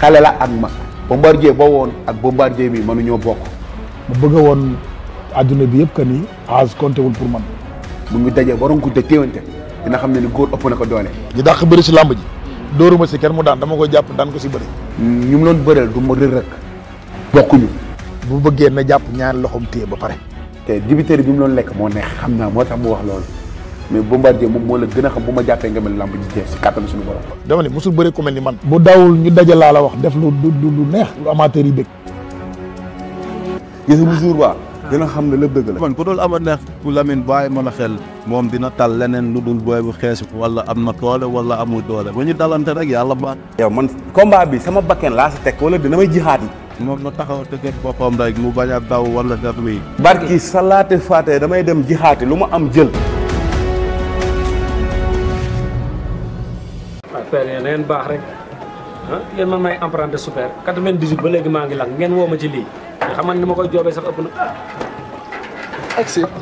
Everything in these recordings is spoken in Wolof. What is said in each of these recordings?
xale la ak mag bombardier ba woon ak bombardier mi mënuñoo bokk. mu bëgg woon adduna bi yëpp que nii âge compté wul pour man. mu ngi dajee waroon ko de téewante dina xam ne ni góor ëpp na ko doole. ñu dàq bëri si làmb ji. dóoruma si kenn mu daan dama ko jàpp daan ko si bëri. ñu mu doon bëreel du ma rër rek. bokkuñu. bu bëggee na jàpp ñaari loxoom téye ba pare. te dibiteri bi mu doon lekk moo ne xam naa moo tax mu wax loolu. mais bombardier moom moo la gën a xam bu ma jàppee nga mel lamb ji jeex si kàttan suñu borom. dama ne mosul bëri ku mel ni man. bu dawul ñu daje laa la wax def lu lu lu neex lu amateur yi bëgg. gis nga jour ba. dina xam ne lépp dëgg la. man ku dul ama neex ku Lamine bàyyi ma la moom dina tal leneen lu dul booy bu xees wala am na doole wala amul doole bu ñu dalante rek yàlla baax. yow man combat bi sama bakken laa si dina may jixaat yi. moom na taxaw dëgër boppam rek mu bañ a daw wala def lii. barki salaate faate damay dem jixaati lu ma am jël. supérieur na baax rek ah man may emprunté super 98 ba léegi maa ngi lang ngeen woo ci lii nga xam ni ma koy joobee sax ëpp na. agsi. waaw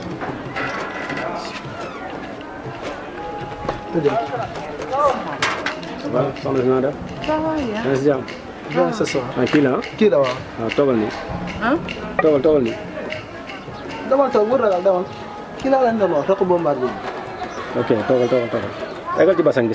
soxna si naa def. ça va bien. na si jàmm. bon ce ah, kii la ah. kii la waaw. waaw ah, toogal nii. ah. toogal toogal nii. demal toog wër ragal demal. kii laa leen doon wax rek bombardier. ok toogal toogal toogal. tegal ci basang bi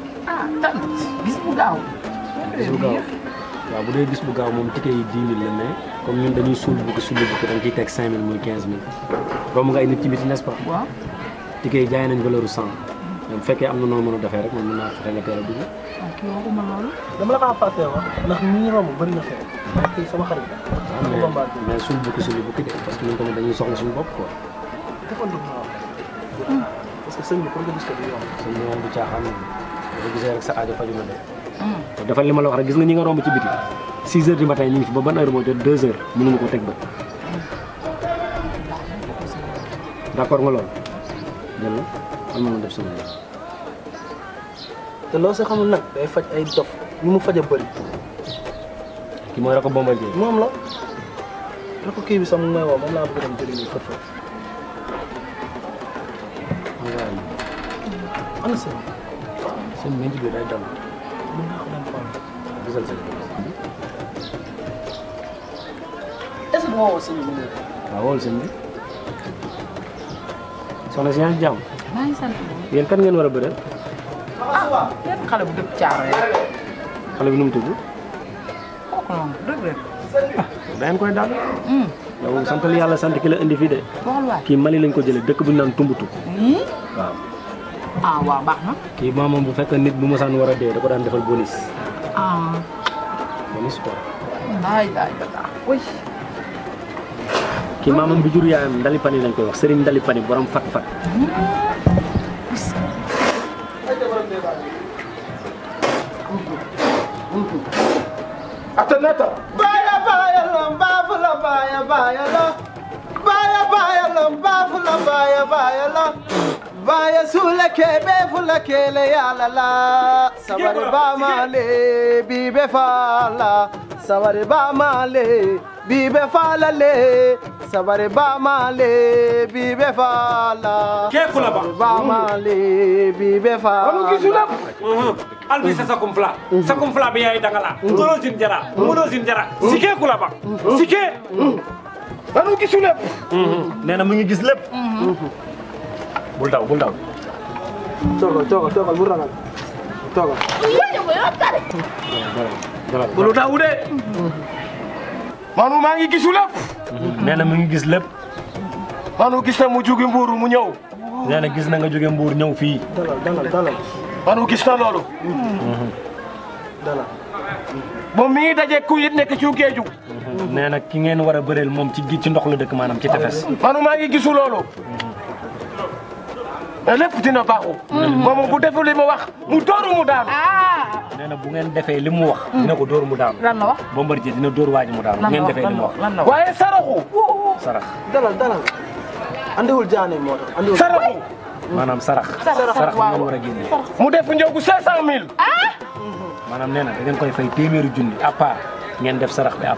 ah tant bis bu gaaw. bis bu gaaw waaw bu dee bis bu gaaw moom ticket yi 10 000 la mais comme ñun dañuy suul bukki suul bukki da nga ciy teg 5000 muy 15000. romb nga ay nit ci biti n'est-ce pas. waaw ticket yi jaay nañ valeur 100. bu fekkee am na noo mën a defee rek man mën naa fexe nga teel a dugg. waaw kii waxuma loolu. dama la kaa fàtte wax ndax ñi ñu romb bëri na fee. waaw kii sama xarit la. waaw ah, mais mais suul bukki suul bukki de parce que ñun tamit dañuy soxla suñu bopp quoi. defal lu mu hmm. parce que sëñ bi comme que gis ko du yomb. sëñ bi moom du caaxaan bu gisee rek sa aajo faju na de. Hmm. defal li ma la wax rek gis nga ñi nga romb ci biti 6 heures ma matin ñu ngi fi ba ban heure moo jot 2 heures mënuñu ko teg bët. d'accord nga loolu. jël la na ma def sama te loo si xamul nag day faj ay dof ñu mu faj a bëri. ki mooy rako Bombardier. moom la rako kii bi sax mu may woo moom laa bëgg dem jëriñu fët fët. waaw. seen ménj bi day si yaa ngi jàmm kan ngeen war a bëreel ah, xale bu dëkk caaro rek xale bi nu mu tudd kooku noonu rëg rëg ah da ngeen koy dal hmm. yow santal yàlla sant ki la indi kii Mali lañ ko jëlee dëkk buñ ñu naan Tumbatu hmm? waaw ah kii maamam bu fekkee nit bu mosaan war a dee da ko daan defal bonus. ah. bonus quoi. daay daay daay. kii maamam bi jur yaayam ndali pani lañ koy wax borom fat fat ata nata baya la baya baya la baya baya la baya baya la baya sula keɓe fula kele yalala sabari bamale biɓe fala sabari bamale biɓe falale sabari bamale biɓe fala sabari bamale biɓe fala uh-huh. albi sa sakum fula uh-huh. sakum fula ɓe yawi dagala gorosin uh-huh. jara gorosin jara sike kulaba sike anu gisu lépp nee na mu ngi gis lépp bul daw bul daw. toogal toogal toogal bu ragal toogal. bul daw de. Manu maa ngi gisu lépp. nee na mu ngi gis lépp. Manu gis na mu jóge Mbuur mu ñëw. nee na gis na nga jóge Mbuur ñëw fii. dalal dalal dalal. Manu gis na loolu. dalal. moom mi ngi daje ku it nekk ci géeju. nee na ki ngeen war a bëreel moom ci ci ndox la dëkk maanaam ci tefes. Manu maa ngi gisu loolu. te lépp dina baaxu. moom mm-hmm. bu deful li mu wax mu dooru mu daanu. Ah. nee na bu ngeen defee li mu wax. dina ko dooru mu daanu. lan la wax dina dooru waa ji mu daanu. bu ngeen defee li mu wax waaye saraxu. sarax dalal dalal. andiwul jaane moo tax andiwul. saraxu maanaam sarax. sarax moom war a génne. mu def njëgu 500000. Ah. maanaam nee na da ngeen koy fay téeméeri junni à ngeen def sarax bi à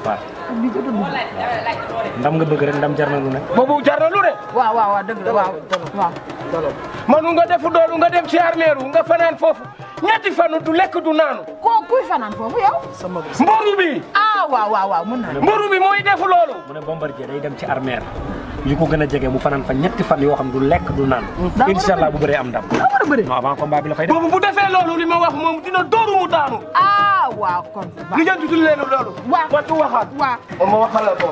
ndam nga bëgg rek ndam jar ne. boobu jar na lu manu nga def doolu nga dem ci armeeru nga fanaan foofu ñetti fanu du lekk du naanu. koo kuy fanaan foofu yow. mburu bi. ah waaw waaw waaw mën naa mburu bi mooy defu loolu. mu ne Bombardier day dem ci armeel li ko gën a jege mu fanaan fa ñetti fan yoo xam du lekk du naan. incha bu bëree am ndam. daa war a bëri bi la fay def. boobu defee loolu li ma wax moom dina dooru mu daanu. ah waaw kon. li ngeen tudd leen loolu. waaw man waxaat. waaw ma waxal la ko.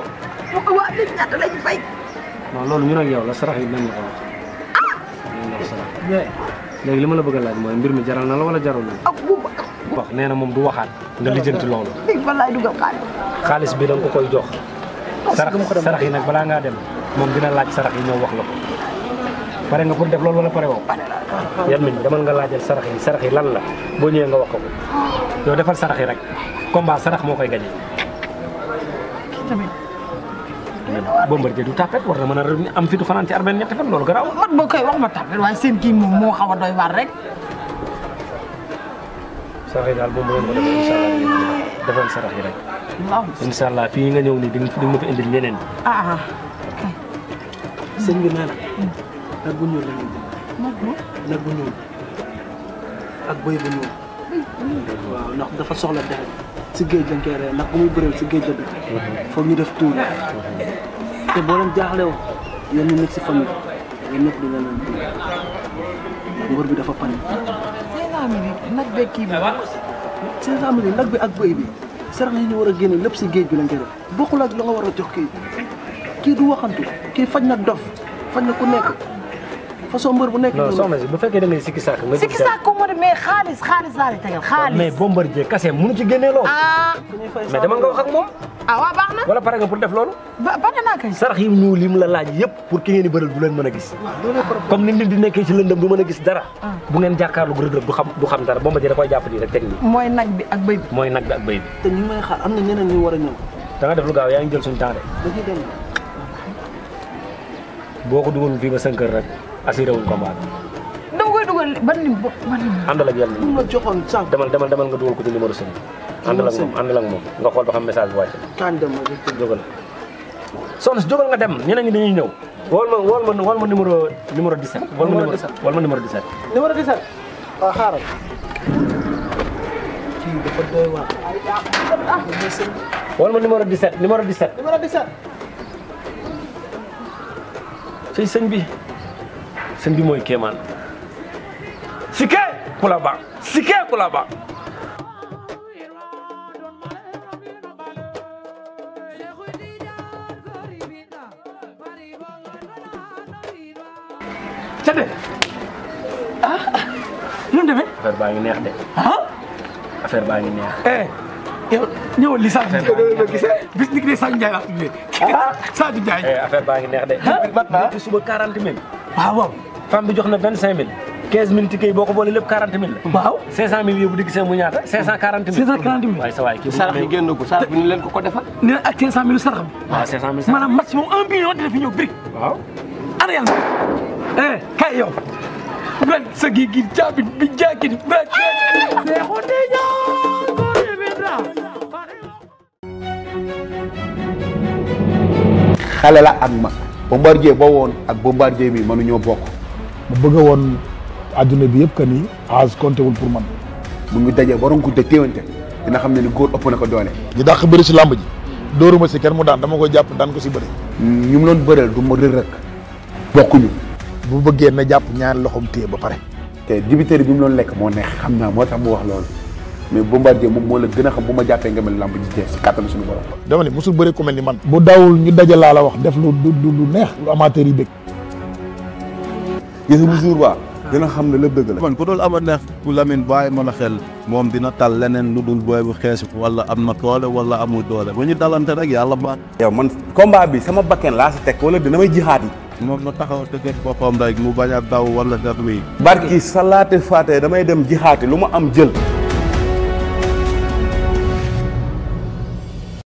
waaw nit léegi li ma la bëgg a laaj mooy mbir mi jaral na la wala jaral na la. wax nee na moom du waxaat nga lijjanti loolu. dégg nga laay xaalis. bi da ko koy jox. sarax sarax yi nag balaa ngaa dem moom dina laaj sarax yi ñëw wax la ko. pare nga pour def loolu wala pare woo. yan mi demal nga laajal sarax yi sarax yi lan la boo ñëwee nga wax ko yow defal sarax yi rek combat sarax moo koy gañe. Bombardier du tapet war na mën a am fi du fanaan ci armée ñetti fan loolu garaaw. man boo koy wax ma tapet waaye seen kii moom moo xaw a doy waar rek. sarax yi daal boo mënoon nga ñëw nii di nga ma fi indil leneen. ah ah sëñ bi nee na. Mm. nag bu si géej lañ koy rey ndax bu muy bëreel si géej la foog ñu def tuur te boo leen jaaxlew yéen ñu nekk si famille yéen ñëpp bi dafa pan. 500 mille nag bi nag bi ak bëy bi sarax yi ñu war a génne lépp si géej bi lañ koy def bokkul ak la war a jox kii kii du waxantu kii faj na dof faj na ku nekk. façon mbër bu nekk. non soxna si bu fekkee da ngay sikki sàkk nga. sikki sàkk ko mais xaalis xaalis laa lay tegal ah, xaalis. mais Bombardier kase mënu ci génnee ah. mais dama nga wax ak moom. ah wala pare nga def loolu. ba pare naa kay. sarax yi mu la laaj yëpp pour ki ngeen di bëral du leen mën a gis. comme ni nit di nekkee ci lëndëm du mën a gis dara. Ah. bu ngeen jàkkaarloog Reug Reug du xam du xam dara Bombardier da koy jàpp nii rek teg nii. mooy nag bi ak bëy bi. mooy nag bi ak bëy bi. a ñëw. da nga def lu gaaw yaa ngi jël suñu temps de. boo ko dugalul fii ba 5 heures rek assuré wuñ combat bi. dama koy dugal ban lim ba ban lim. àndal ak yàlla ma joxoon sànq. demal demal demal nga dugal ko ci numéro sëñ bi. àndal ak moom àndal ak moom nga xool ba xam message bi wàcc. dem ma nga dem ñeneen ñi dañuy ñëw. wool ma wool ma wool ma numéro numéro 17. numéro 17 wool ma numéro 17. numéro numéro 17 numéro 17. Ah, numéro 17. bi. sëñ bi mooy kéemaan Siké Koulaba Siké Koulaba ca de ah nu mu demee. affaire baa ngi neex de. ah. affaire baa ngi neex. eh yow ñëwal li Sadio Ndiaye bis ni ki ne Sadio Ndiaye laa tuddee. Sadio Ndiaye. affaire baa ngi neex de. ah eh, mat naa suba 40 mille. Ah, waaw waaw. femme bi jox na vingt cinq mille quinze mille ticket yi boo ko boolee lépp quarante mille la. waaw cinq cent mille yóbbu digg seen mu ñaata hmm. cinq cent quarante cinq sa waay kii sarax yi génn ko sarax bi ni leen ko ko defal. nee na ak cinq cent mille waaw cinq un million dina fi ñëw brique. waaw ana yàlla. Eh, kay yow. ren sa gi gi bi jaakin ba xale la ak mag bombardier ba woon ak bombardier mi mënuñoo bokk mu bëgg woon adduna bi yëpp que nii âge compté wul pour man. bu ngi dajee borom ku de téewante dina xam ne ni góor ëpp na ko doole. ñu dàq bëri si làmb ji. dóoruma si kenn mu daan dama ko jàpp daan ko si bëri. ñu mu doon bëreel du ma rër rek. bokkuñu. bu bëggee na jàpp ñaari loxoom téye ba pare. te dibiteri bi mu doon lekk moo neex xam naa moo tax mu wax loolu mais moo la gën a xam bu ma nga mel làmb ji tee si kàttan suñu bëri ku mel ni man. bu dawul ñu daje laa la wax def lu du lu neex lu amateur yi bëgg. gis mu jour ba dina ah. xam ne la dëgg la man ku dul ama neex ku Lamine bàyyi ma la xel moom dina tal leneen lu dul booy bu xees wala am na toole wala amu doole bu ñu dalante rek yàlla baax yow man combat bi sama bakken laa si teg wala dina may jixaat yi moom na taxaw dëgër boppam rek mu bañ a daw wala daf mi barki salaate faate damay dem jixaati lu ma am jël